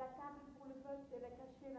la le in cui le fette la cascine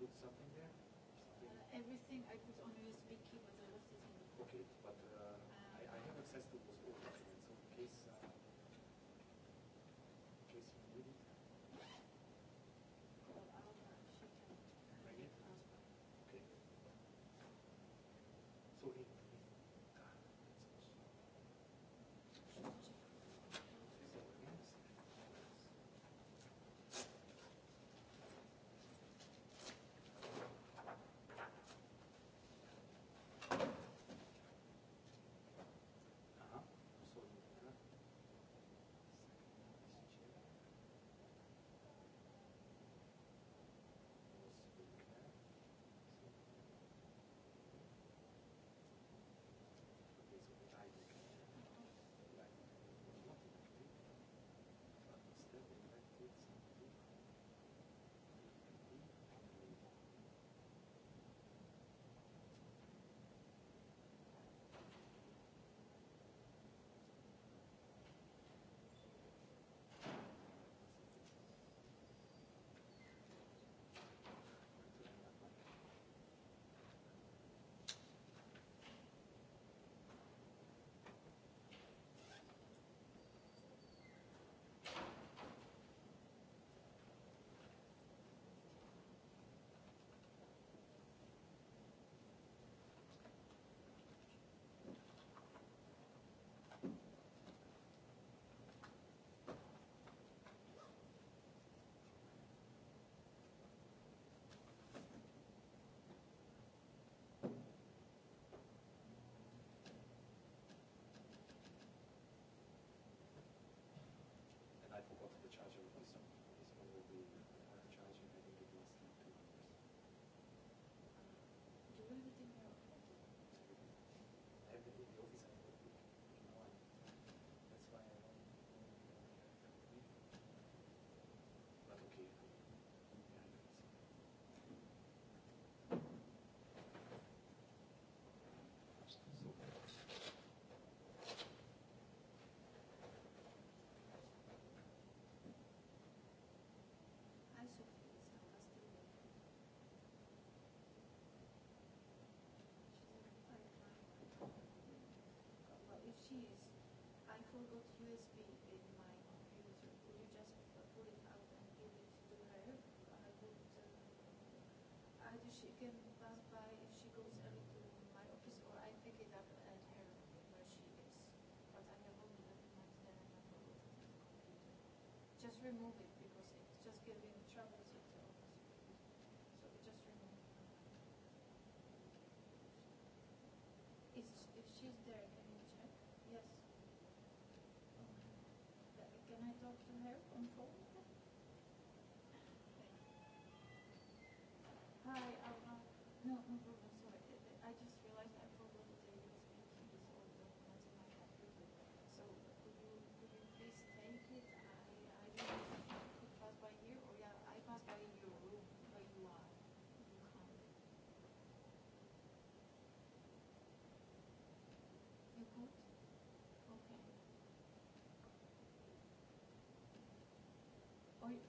put something there? Uh, everything I put on USB key, but I lost it in the Okay, but uh, I, I have access to those old documents, so in case... Uh, remove it because it's just giving trouble to the So we just remove it. Is, if she's there, can you check? Yes. Okay. Can I talk to her on phone?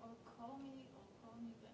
or call me or call me when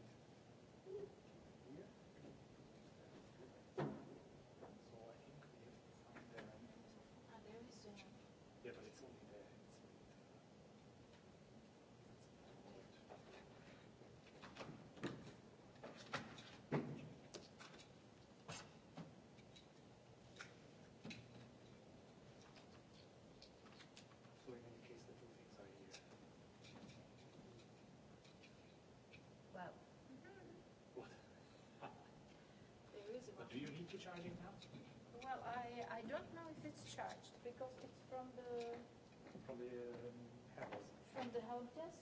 Do you need to charge it now? Well, I, I don't know if it's charged because it's from the... From the um, From the help desk?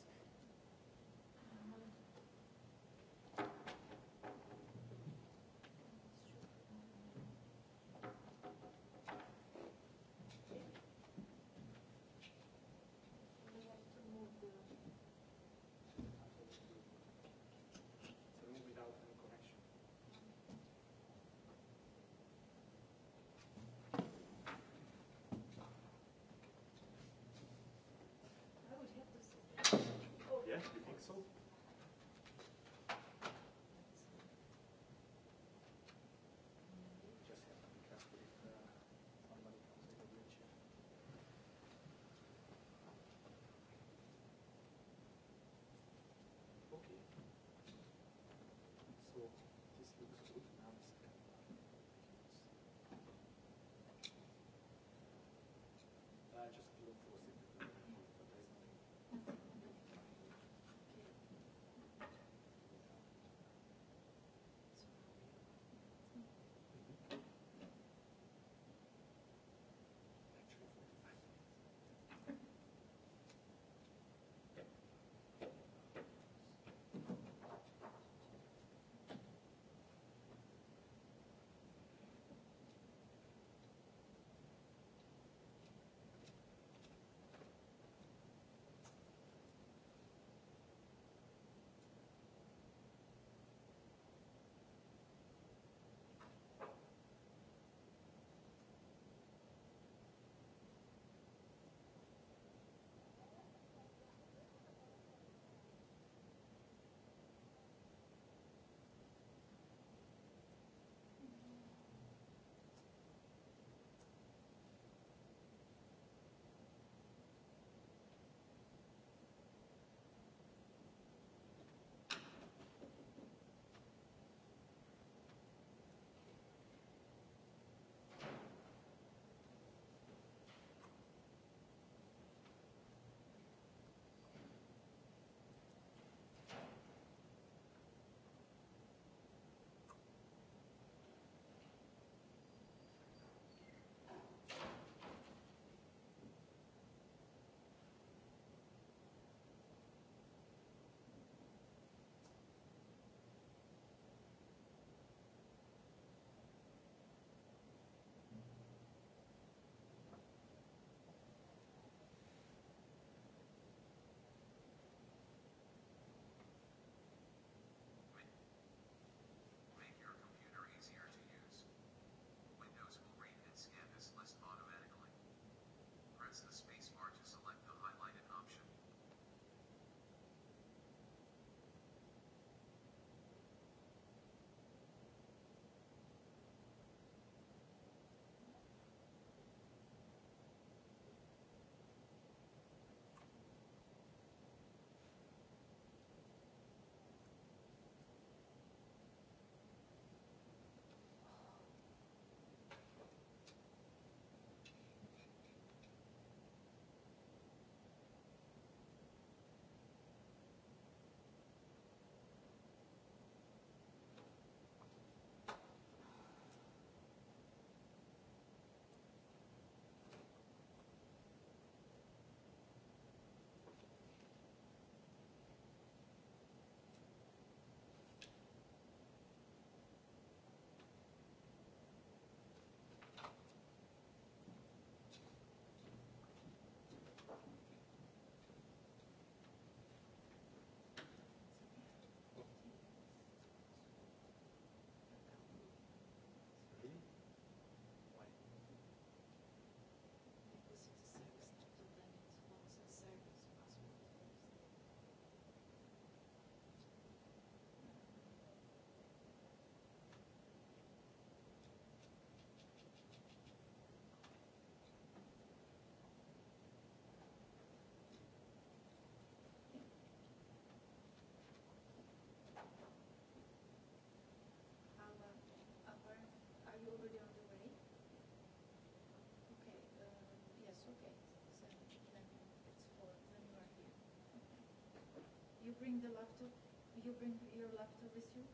bring the laptop? You bring your laptop with you?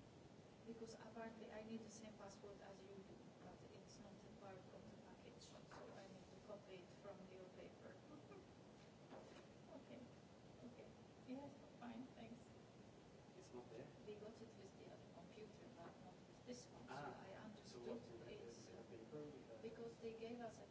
Because apparently I need the same password as you do, but it's not a part of the package, so I need to copy it from your paper. okay, okay. Yes, fine, thanks. It's not there? We got it with the other computer, but not with this one, ah, so I understood so it's... Uh, paper because they gave us a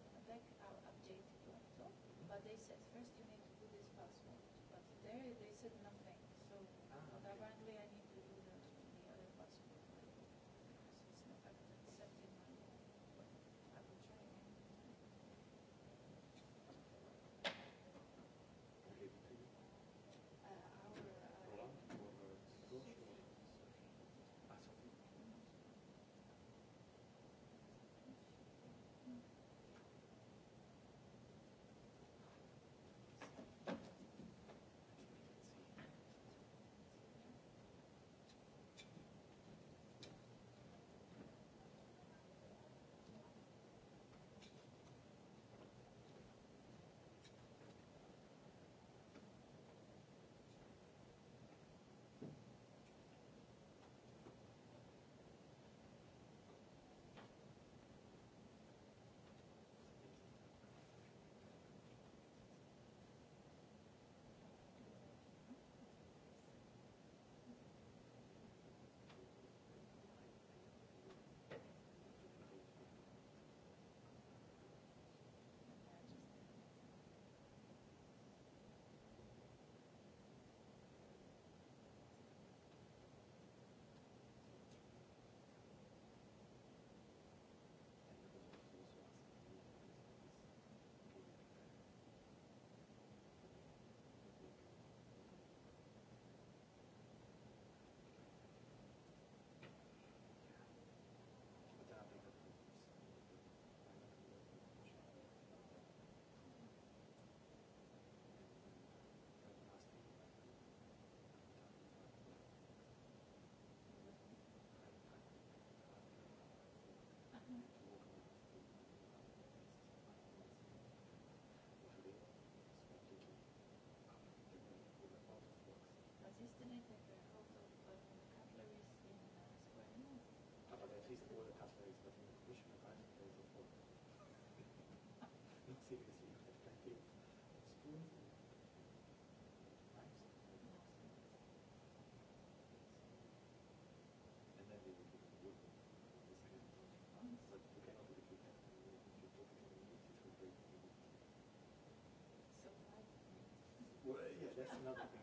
you But you do it if the Well, yeah, that's another thing.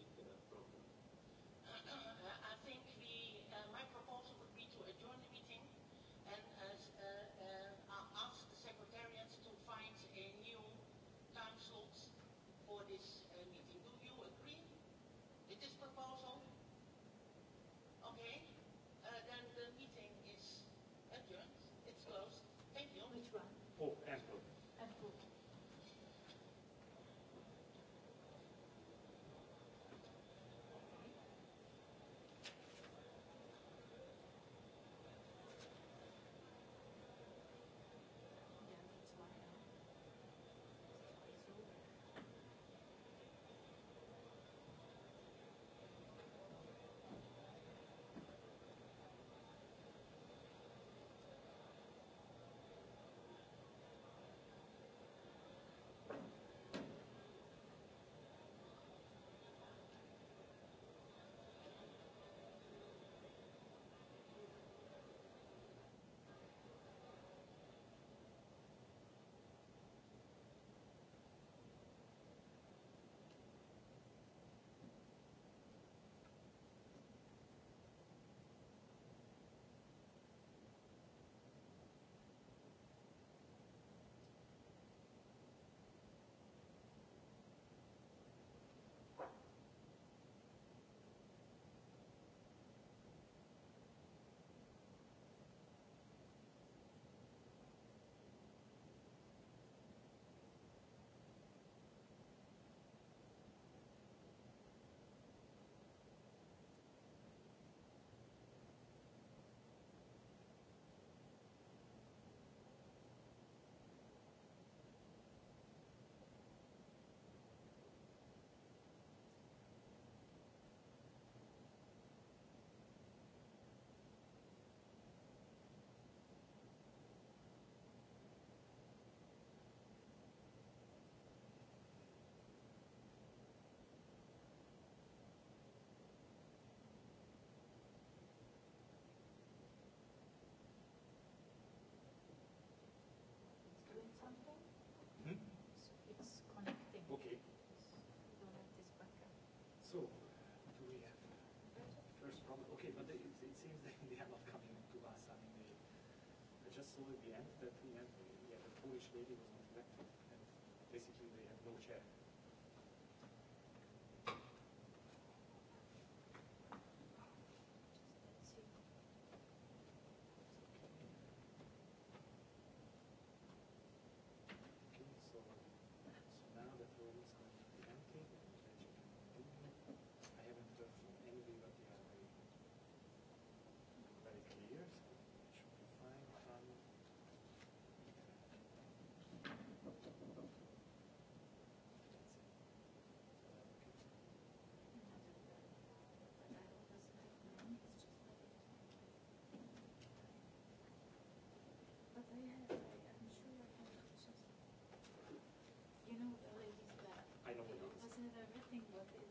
saw at the end that you know, yeah, a Polish lady was not elected, and basically they had no chair. think what it.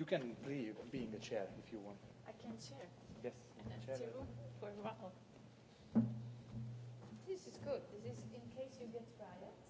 You can be in a chair if you want. I can chair. Yes. chair. For a while. This is good. This is in case you get riots.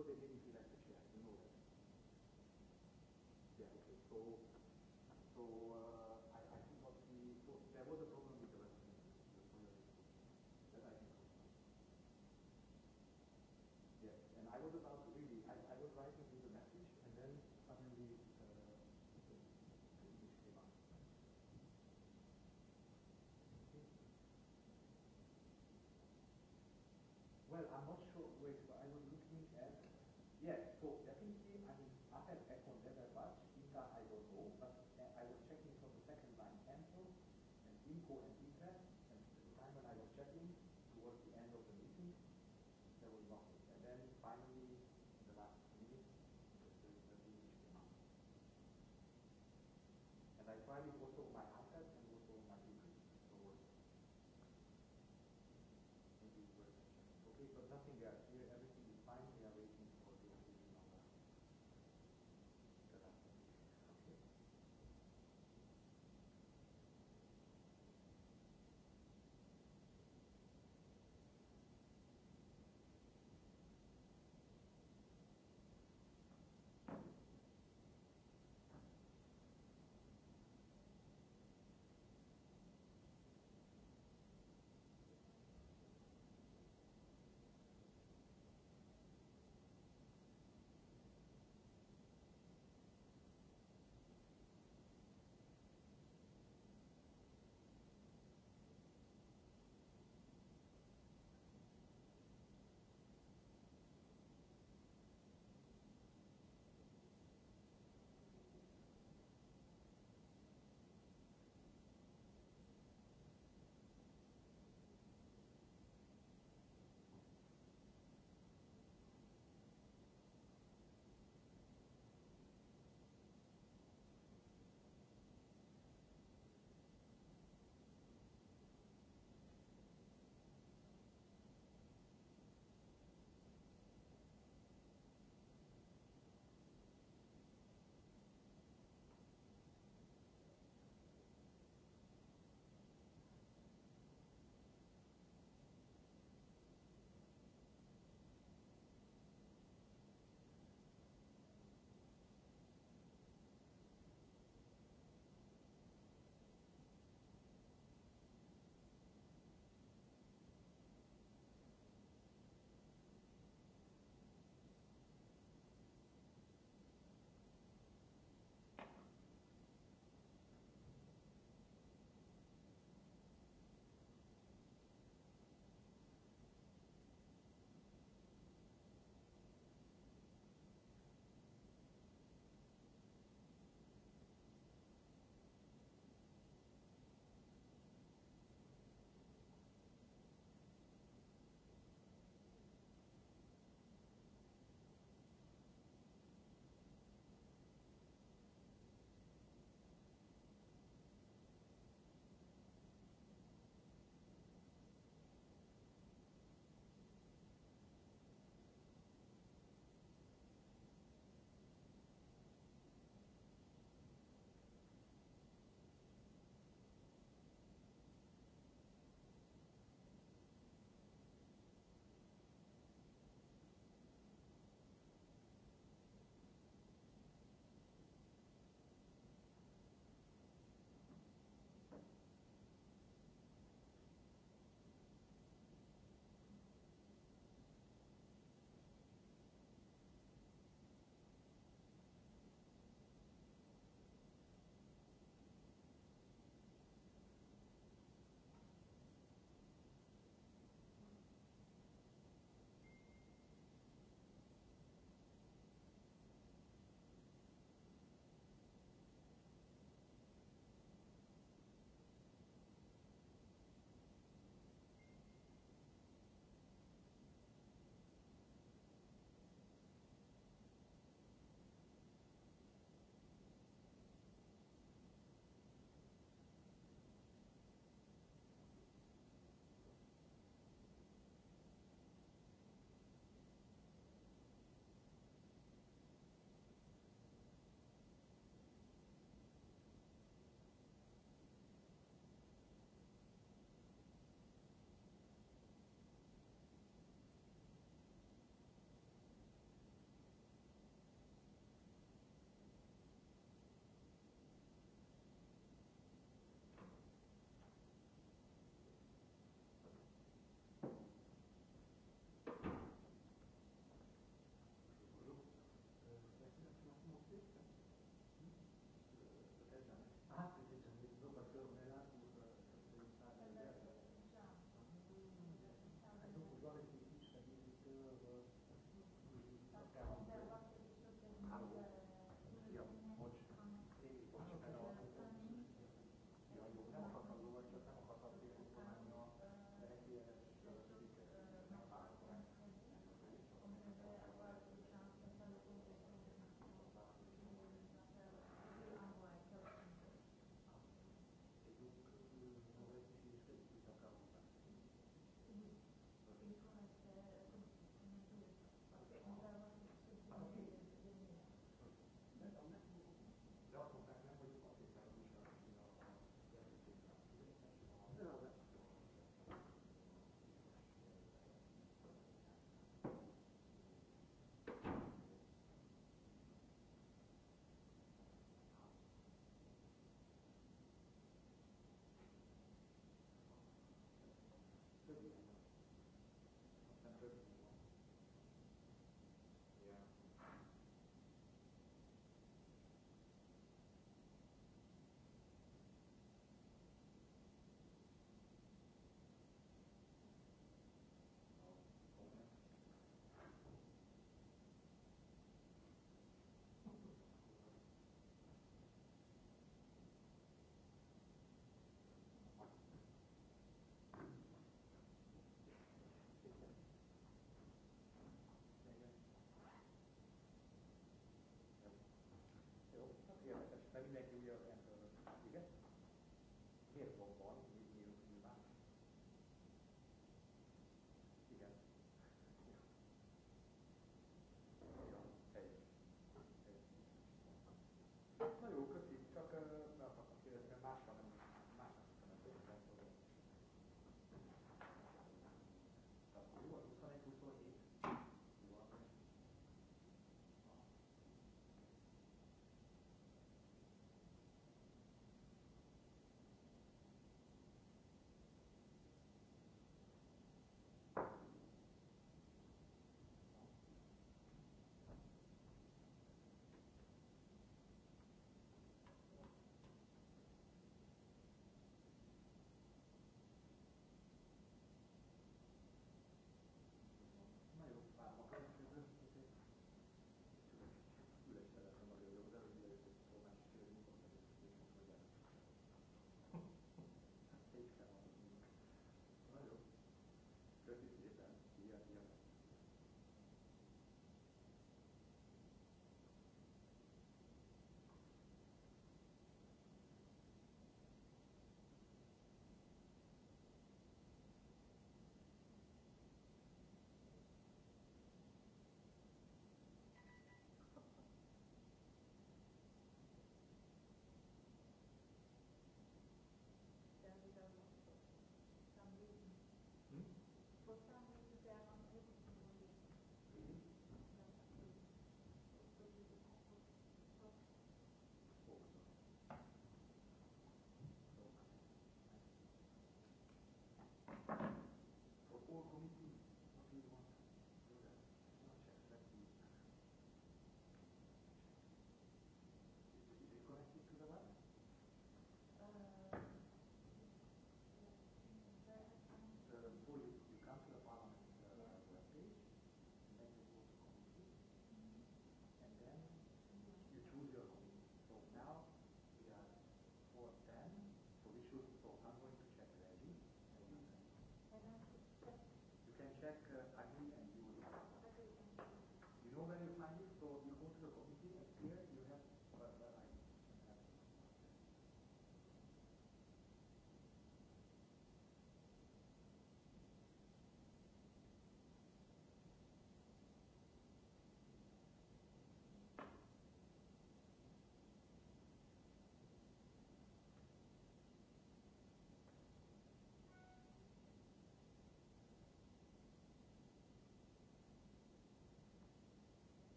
sure they didn't do that to Chad know that. Yeah, okay. So, so uh, I, I think what we, so there was a problem with the reference that I think. Yes, and I was about to really, I, I was writing the message, and then suddenly uh the came Well, I'm not sure. Wait, ว่ามีผู้สูงวัย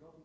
Thank you.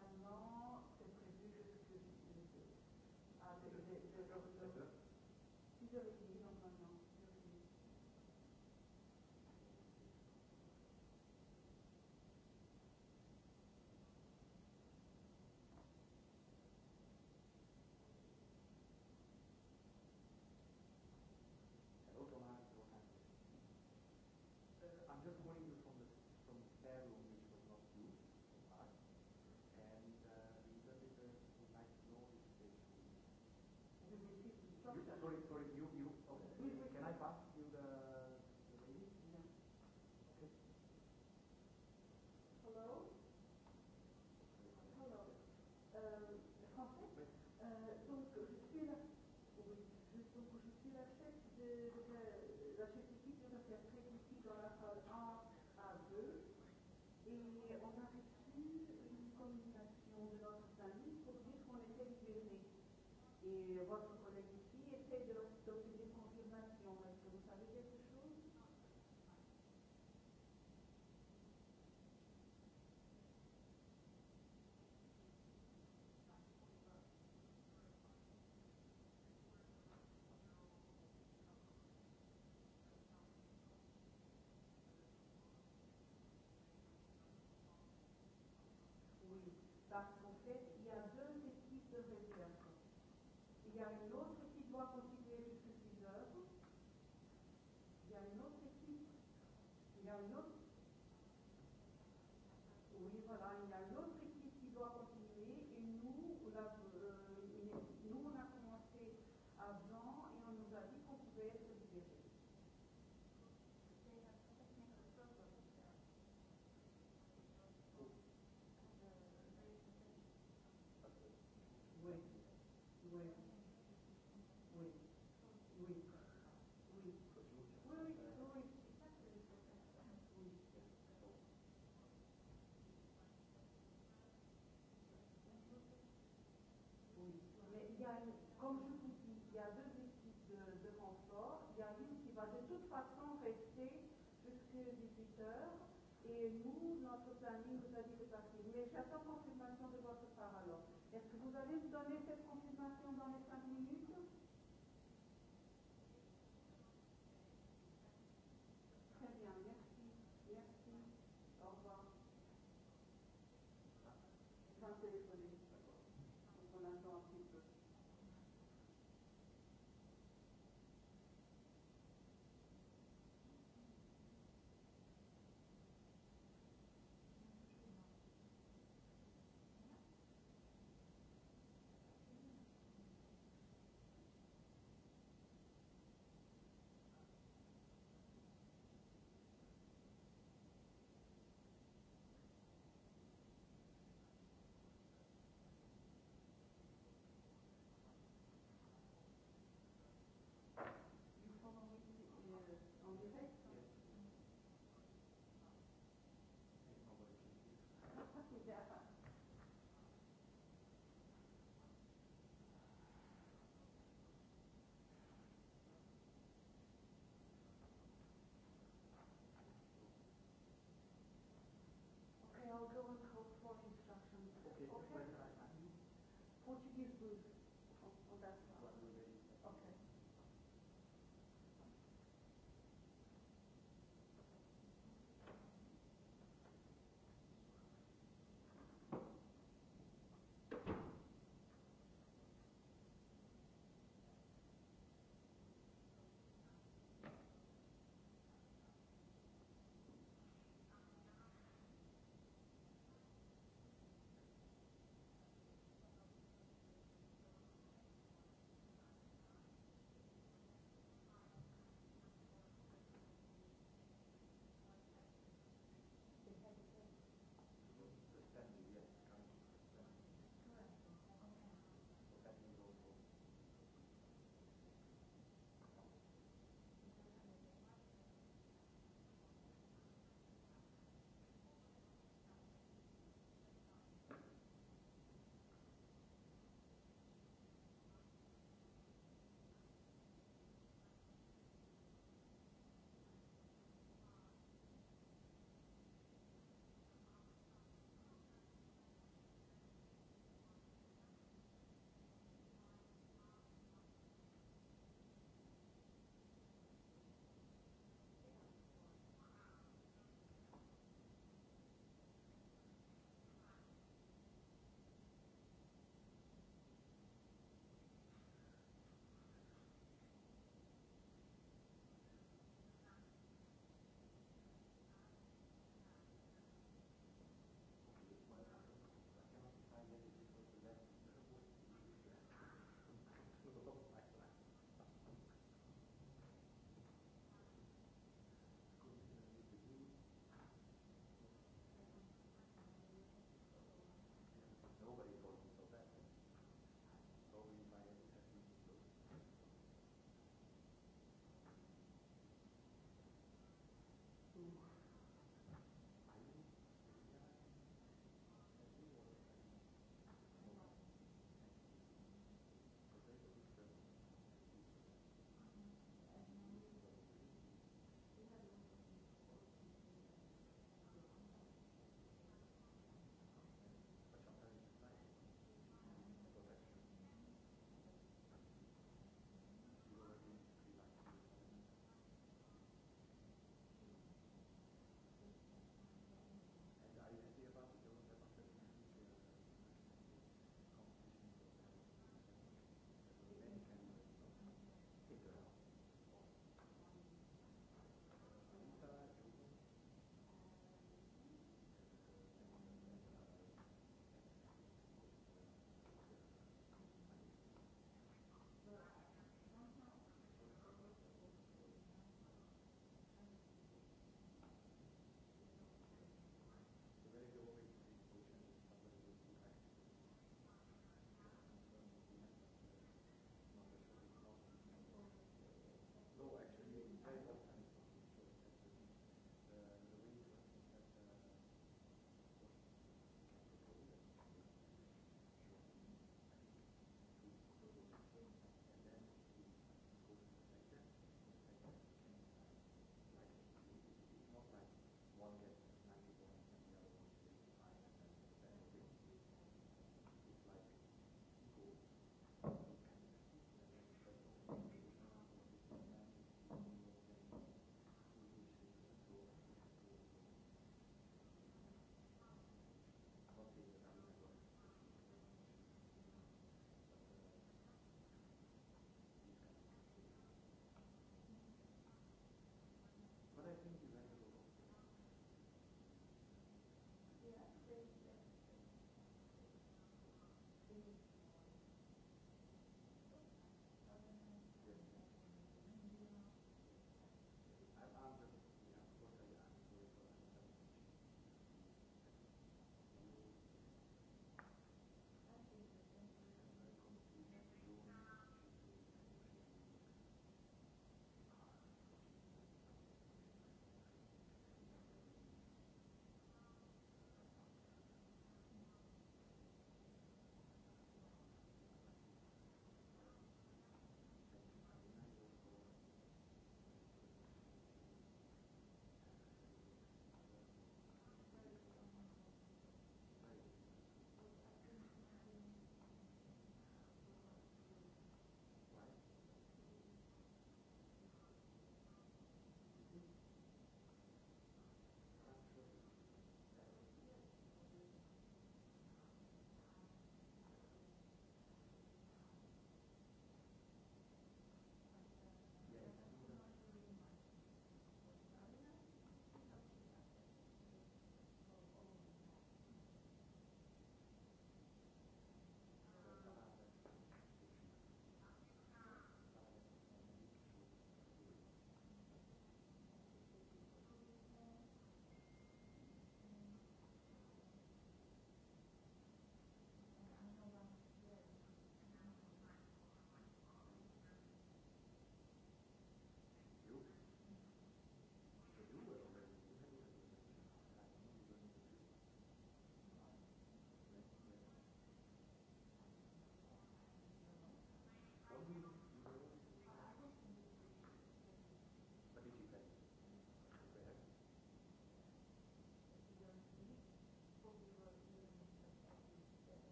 Sorry Янилов и два déjà pas encore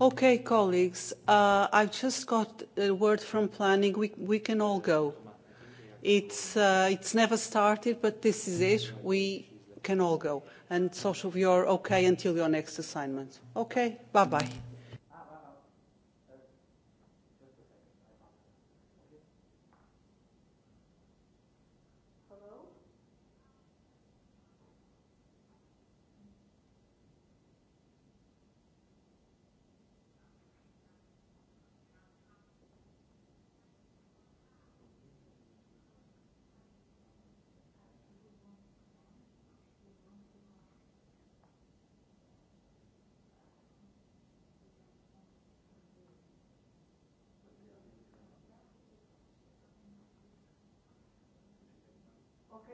Okay, colleagues, uh, I've just got a word from planning. We, we can all go. It's, uh, it's never started, but this is it. We can all go. And social, you're okay until your next assignment. Okay, bye-bye.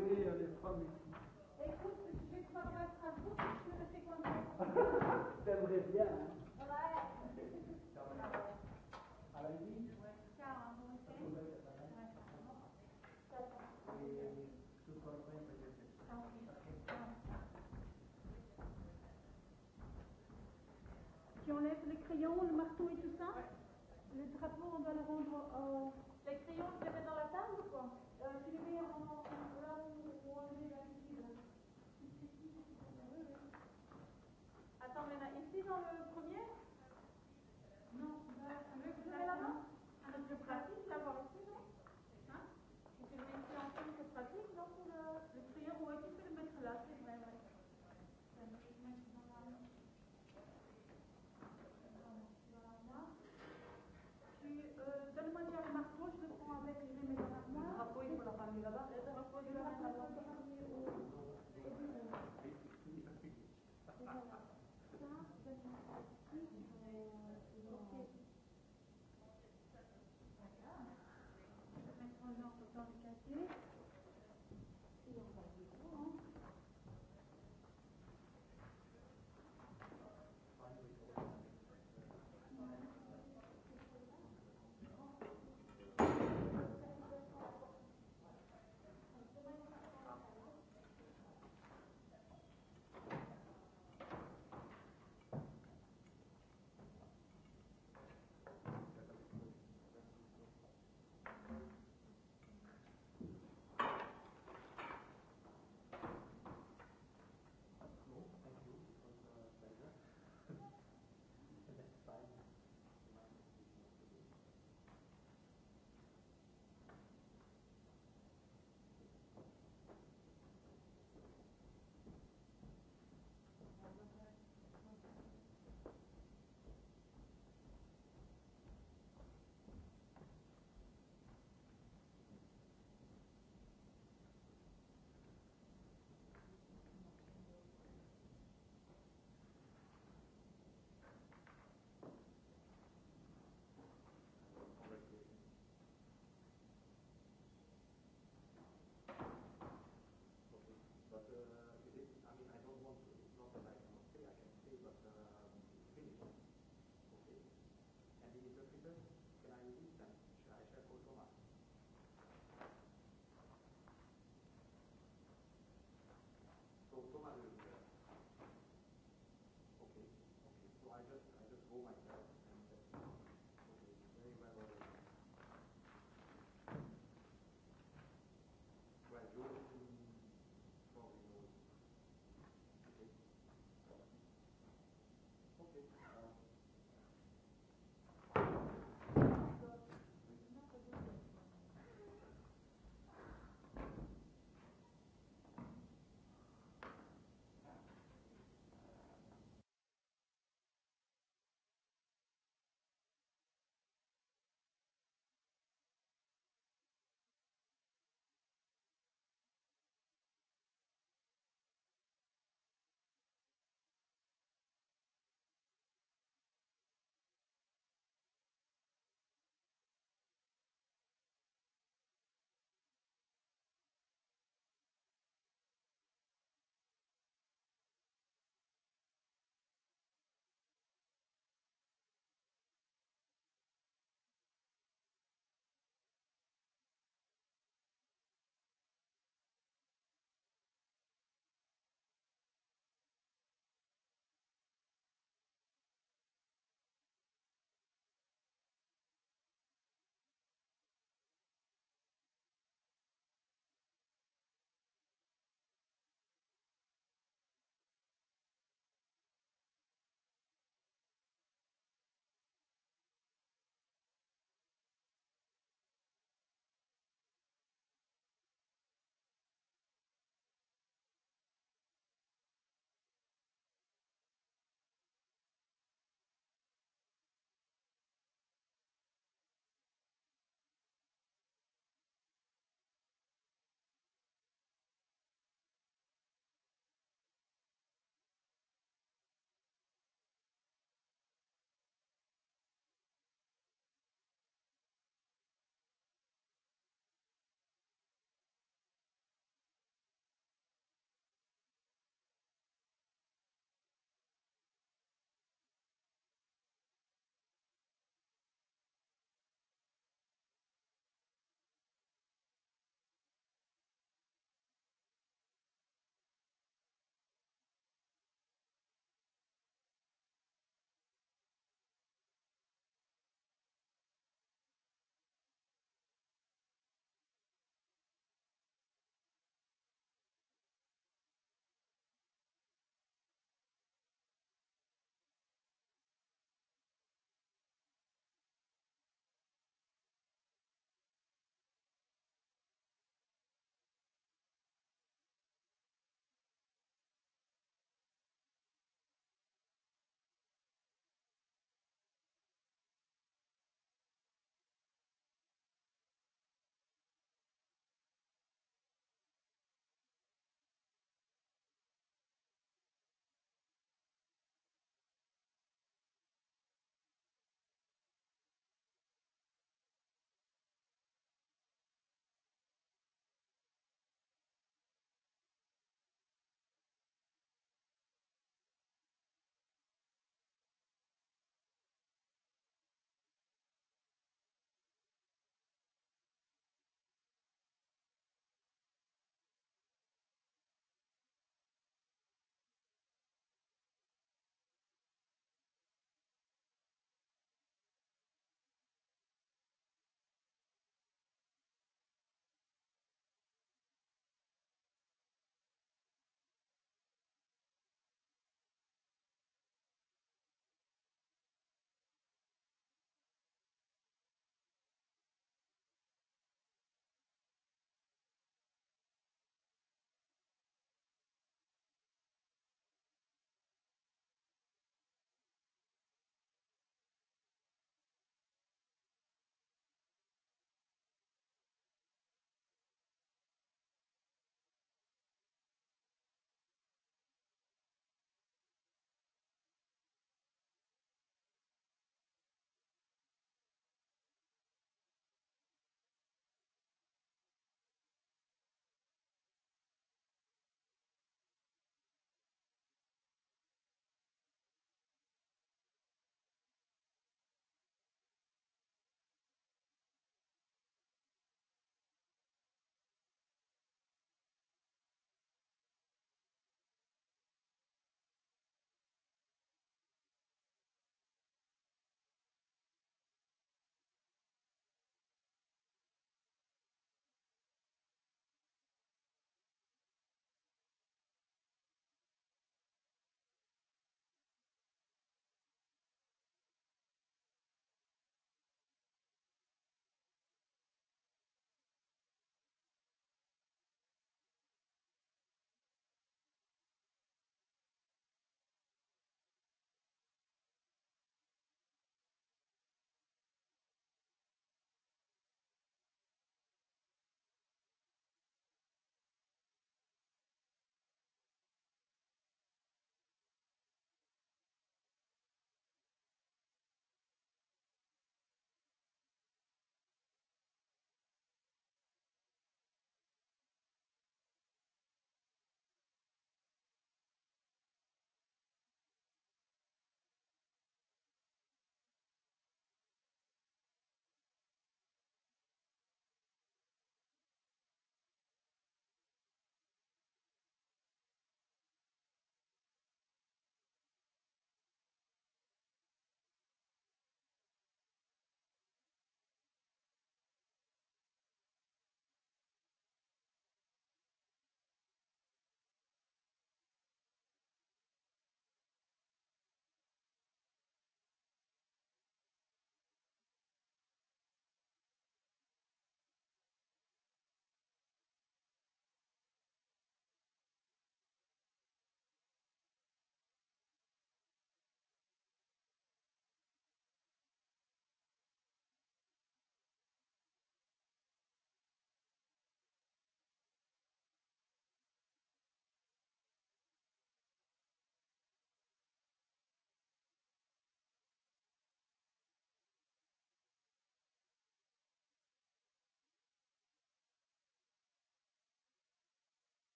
paix à les familles.